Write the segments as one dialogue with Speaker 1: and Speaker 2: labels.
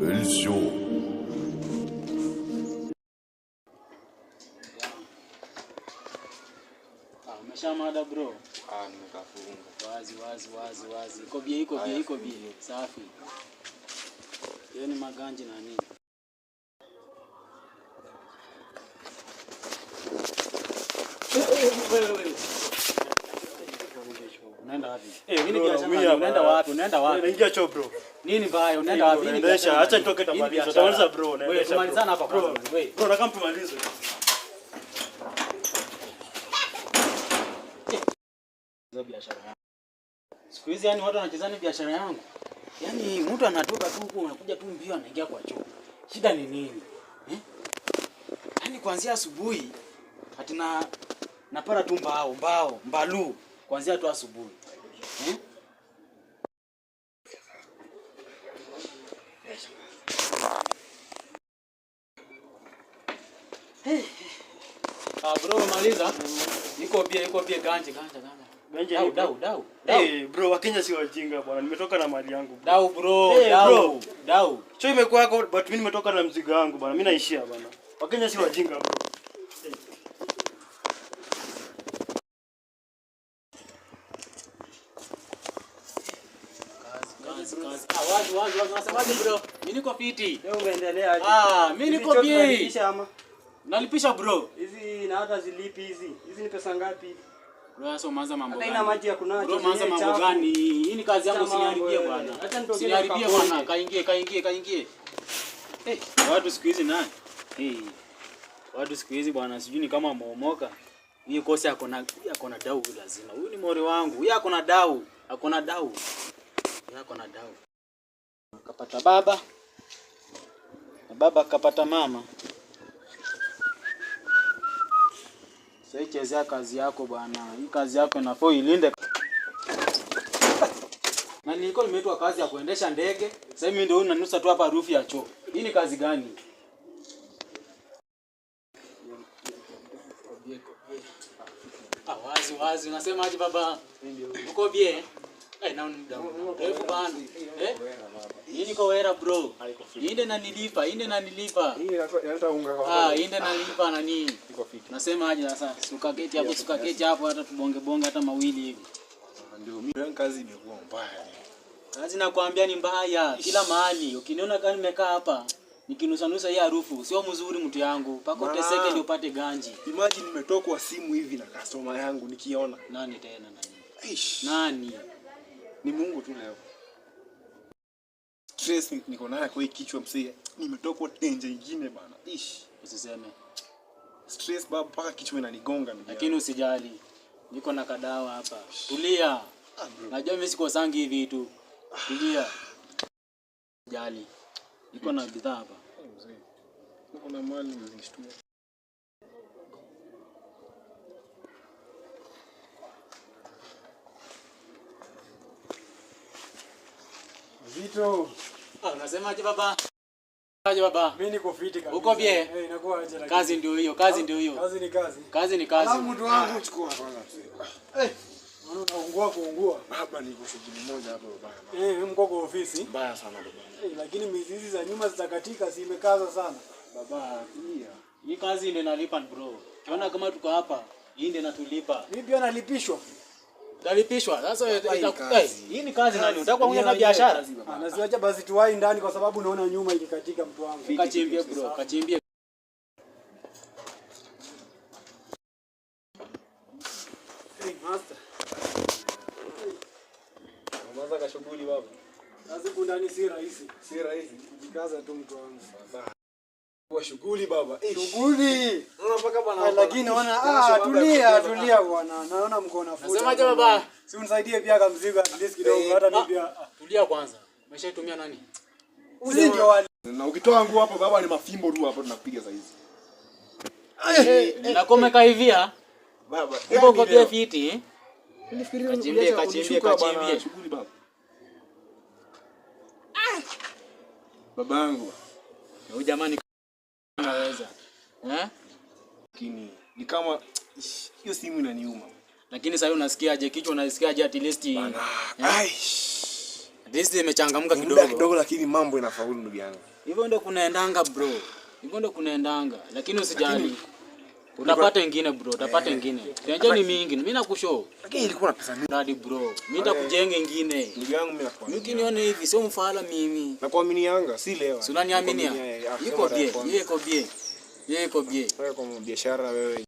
Speaker 1: Ölsio. Ah, umeshamada bro?
Speaker 2: Ah, nimekafunga.
Speaker 1: Wazi wazi wazi wazi. Iko bie iko bie iko bie. Safi. Hiyo ni maganji na nini? Wewe wewe unaenda wapi? Siku hizi yani watu wanachezani biashara yangu. Yaani mtu anatoka tu huko anakuja tu mbio anaingia kwa choo. Shida ni nini? Eh? Yaani kuanzia asubuhi hatina napara tu mbao mbao mbalu kuanzia tu asubuhi hmm? Hey. Ah, bro maliza. Niko bia, niko bia ganja ganja ganja. Ganja dau dau
Speaker 2: dau. Eh, bro Wakenya si wajinga bwana. Nimetoka na mali yangu.
Speaker 1: Dau bro, hey, eh, dau. Dau.
Speaker 2: Cho imekuwa yako but mimi nimetoka na mzigo wangu bwana. Mimi naishia bwana. Wakenya si wajinga bro.
Speaker 1: Wanasemaje bro? Mimi niko fiti. Leo
Speaker 2: umeendelea aje?
Speaker 1: Ah, mimi niko fiti. Nalipisha bro.
Speaker 2: Hizi na hata zilipi hizi. Hizi ni pesa ngapi?
Speaker 1: Bro, sasa umeanza mambo gani?
Speaker 2: Haina maji ya kunacho. Bro, umeanza
Speaker 1: mambo gani? Hii ni kazi yangu siniharibie bwana. Siniharibie bwana. Kaingie, kaingie, kaingie. Eh, watu siku hizi nani? Eh. Watu siku hizi bwana, sijui ni kama momoka. Hii kosa yako na yako na dau lazima. Huyu ni mori wangu. Yeye ako na dau. Ako na dau. Yeye na dau akapata baba na baba kapata mama. Sasa chezea kazi yako bwana, hii kazi yako inafaa ilinde. Na niko nimeitwa kazi ya kuendesha ndege, sasa mimi ndio unanusa tu hapa rufi ya choo. Hii ni kazi gani? Ah, wazi wazi, aje baba? Uko bie? Eh, na mrefu bana. Eh? Niko wera bro. Inde na nilipa, inde na nilipa. Hii inaleta unga kwa. Ah, inde na nilipa na nini? Iko fiti. Nasema aje sasa? Sukaketi hapo, sukaketi hapo hata tubonge bonge hata mawili hivi.
Speaker 2: Ah, ndio mimi kazi imekuwa mbaya.
Speaker 1: Kazi nakwambia ni mbaya kila mahali. Ukiniona kama nimekaa hapa nikinusanusa hii harufu sio mzuri, mtu yangu, mpaka teseke ndio upate ganji.
Speaker 2: Imagine nimetokwa simu hivi na customer yangu nikiona.
Speaker 1: Nani tena nani? Aish. Nani?
Speaker 2: Ni Mungu tu leo stress niko nayo kwa kichwa msee, nimetoka kwa tenje nyingine bana.
Speaker 1: Ish, usiseme
Speaker 2: stress baba, mpaka kichwa inanigonga mimi.
Speaker 1: Lakini usijali, niko na kadawa hapa. Tulia, ah, najua mimi siko sangi hivi tu. Ah. Tulia, usijali, niko na bidhaa hapa. Oh, niko na mali mzishtua Vito. Ah, unasemaje baba? Unasemaje baba.
Speaker 2: Mimi niko fit kabisa.
Speaker 1: Uko bie? Eh, inakuwa aje lakini. Kazi ndio hiyo, kazi ndio hiyo.
Speaker 2: Kazi ni kazi.
Speaker 1: Kazi ni kazi. Alafu
Speaker 2: mtu wangu chukua kwanza. Eh. Mbona unaungua kuungua?
Speaker 1: Baba niko shughuli moja hapa baba.
Speaker 2: Eh, mko kwa ofisi?
Speaker 1: Mbaya sana baba.
Speaker 2: Eh, lakini mizizi za nyuma zitakatika, si imekaza sana.
Speaker 1: Baba, pia. Hii kazi ndio inalipa bro. Kiona kama tuko hapa, hii ndio inatulipa.
Speaker 2: Mimi pia nalipishwa.
Speaker 1: Utalipishwa. Sasa hii ni kazi nani? Utakuwa mwenye na biashara?
Speaker 2: Anaziacha basi tuwai ndani kwa sababu naona nyuma ikikatika mtu wangu.
Speaker 1: Kachimbie bro, kachimbie.
Speaker 2: Hey master. shughuli baba. Kazi kundani si rahisi. Si rahisi. Kujikaza tu mtu wangu. Kwa shughuli baba.
Speaker 1: Shughuli. Unapaka lakini wana ah, tulia tulia bwana, naona mko na futa. Nasema je baba, si
Speaker 2: unisaidie pia kama mzigo at least kidogo, eh, hata mimi pia.
Speaker 1: Tulia kwanza, umeshaitumia nani?
Speaker 2: ndio wali. Na ukitoa nguo hapo baba, ni mafimbo tu hapo tunapiga saa hizi.
Speaker 1: Eh, eh, na Nakomeka hivi ah. Baba, hebu yaani kwa pia fiti. E Nilifikiria kachimbie kachimbie kachimbie shughuli baba. Babangu. Huyu jamani anaweza.
Speaker 2: Eh? lakini ni kama hiyo simu inaniuma.
Speaker 1: Lakini sasa unasikiaje? Kichwa unasikiaje? At least eh? ai, at imechangamka kidogo kidogo,
Speaker 2: lakini mambo inafaulu, ndugu yangu.
Speaker 1: Hivyo ndio kunaendanga bro, hivyo ndio kunaendanga, lakini usijali Utapata ingine bro, utapata eh. ingine. Tenja ni mingi. Mimi nakushow.
Speaker 2: Lakini ilikuwa na pesa
Speaker 1: mingi. Ndadi bro. Mimi nitakujenga ingine. Ndugu yangu mimi nakwambia. Mimi kiniona hivi sio mfala mimi.
Speaker 2: Nakuamini yanga, si lewa. Si
Speaker 1: eh, Yuko bien, yeye iko bien. Yeko bie. Wewe kwa biashara wewe.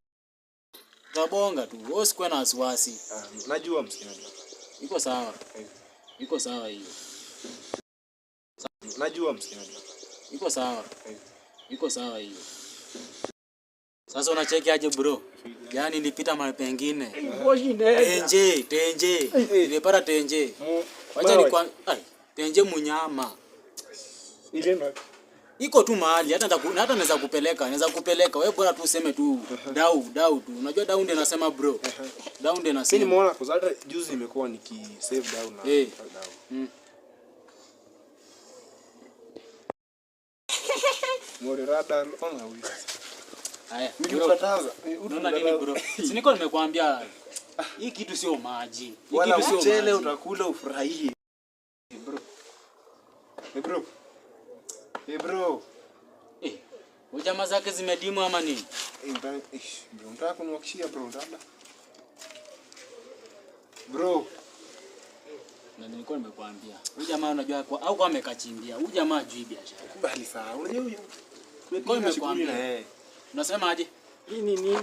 Speaker 1: Tabonga tu. Wewe usikuwa na wasiwasi. Ah,
Speaker 2: najua msikilizaji.
Speaker 1: Iko sawa. Iko sawa hiyo.
Speaker 2: Najua msikilizaji.
Speaker 1: Iko sawa. Iko sawa hiyo. Sasa unacheki aje bro? Yaani nilipita mahali pengine. Tenje, tenje. Nilipata tenje. Mm. Wacha ni kwa tenje munyama. Ile iko tu mahali hata hata naweza kupeleka, naweza kupeleka wewe, bora tu useme tu dau dau tu. Unajua dau ndio nasema bro, dau ndio nasema mimi.
Speaker 2: Nimeona kwa sababu juzi nimekuwa niki save dau na hey. Eh. dau mm. rada ona wewe. Haya,
Speaker 1: Unaona nini bro? Si niko nimekwambia hii kitu sio maji,
Speaker 2: hii kitu sio mchele utakula ufurahie. Hey bro. Hey eh, bro. Hey bro. Eh,
Speaker 1: hey, jamaa zake zimedimu ama nini?
Speaker 2: Eh, bang, eh, ndio mtaka kuniwakishia bro, labda. Bro.
Speaker 1: Na nilikuwa nimekuambia. Huyu jamaa unajua kwa au kwa amekachimbia. Huyu jamaa ajui biashara.
Speaker 2: Kubali sawa. Unajua huyo.
Speaker 1: Kwa nimekuambia. Unasema aje? Hii ni nini?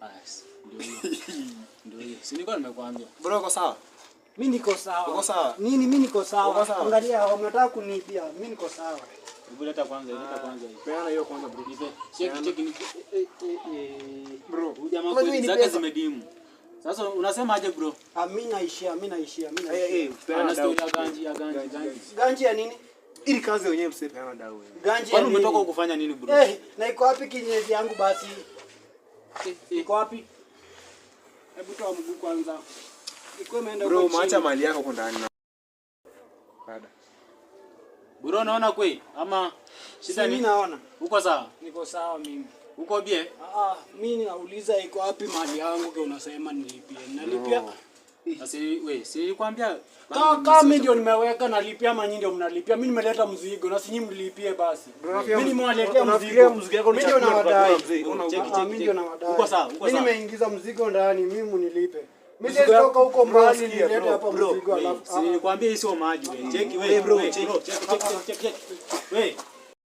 Speaker 1: Basi. Ndio hiyo. Ndio hiyo. Si nilikuwa nimekuambia.
Speaker 2: Bro, uko sawa? Mimi niko sawa. Uko sawa? Nini mimi niko sawa? Angalia hao mnataka kuniibia. Mimi niko sawa.
Speaker 1: Hebu leta kwanza, leta kwanza.
Speaker 2: Peana hiyo kwanza bro.
Speaker 1: Check check ni eh, eh, eh, bro. Jamaa kwa zaka zimedimu. Sasa unasema aje bro?
Speaker 2: Ah, mimi naishia, mimi naishia, mimi naishia.
Speaker 1: Eh, eh, peana story ya ganji, ya ganji, ganji. Ganji ya nini? Ili kazi wenyewe mse peana dawa wewe. Ganji. Kwani umetoka kufanya nini bro?
Speaker 2: Eh, na iko wapi kinyezi yangu basi? Iko wapi? Hebu toa mguu kwanza. Bro,
Speaker 1: maacha mali yako huko ndani. Bada. Bro, naona kweli ama
Speaker 2: shida ni? Mimi naona.
Speaker 1: Uko sawa? Niko sawa mimi. Uko bie? Ah,
Speaker 2: ah mimi ninauliza iko wapi mali yangu kwa unasema nilipie. Nalipia.
Speaker 1: Sasa wewe, si nilikwambia kama mimi ndio nimeweka nalipia ama nyinyi ndio mnalipia. Mimi nimeleta mzigo na si nyinyi mlipie basi.
Speaker 2: Mimi nimewaletea mzigo. Mzigo yako ni chakula. Ah, ah, mimi ndio nawadai. Uko sawa? Uko
Speaker 1: sawa? Mimi nimeingiza
Speaker 2: mzigo ndani, mimi mnilipe. Toka huko mbali
Speaker 1: sio maji Cheki wewe bro, cheki cheki cheki. Wewe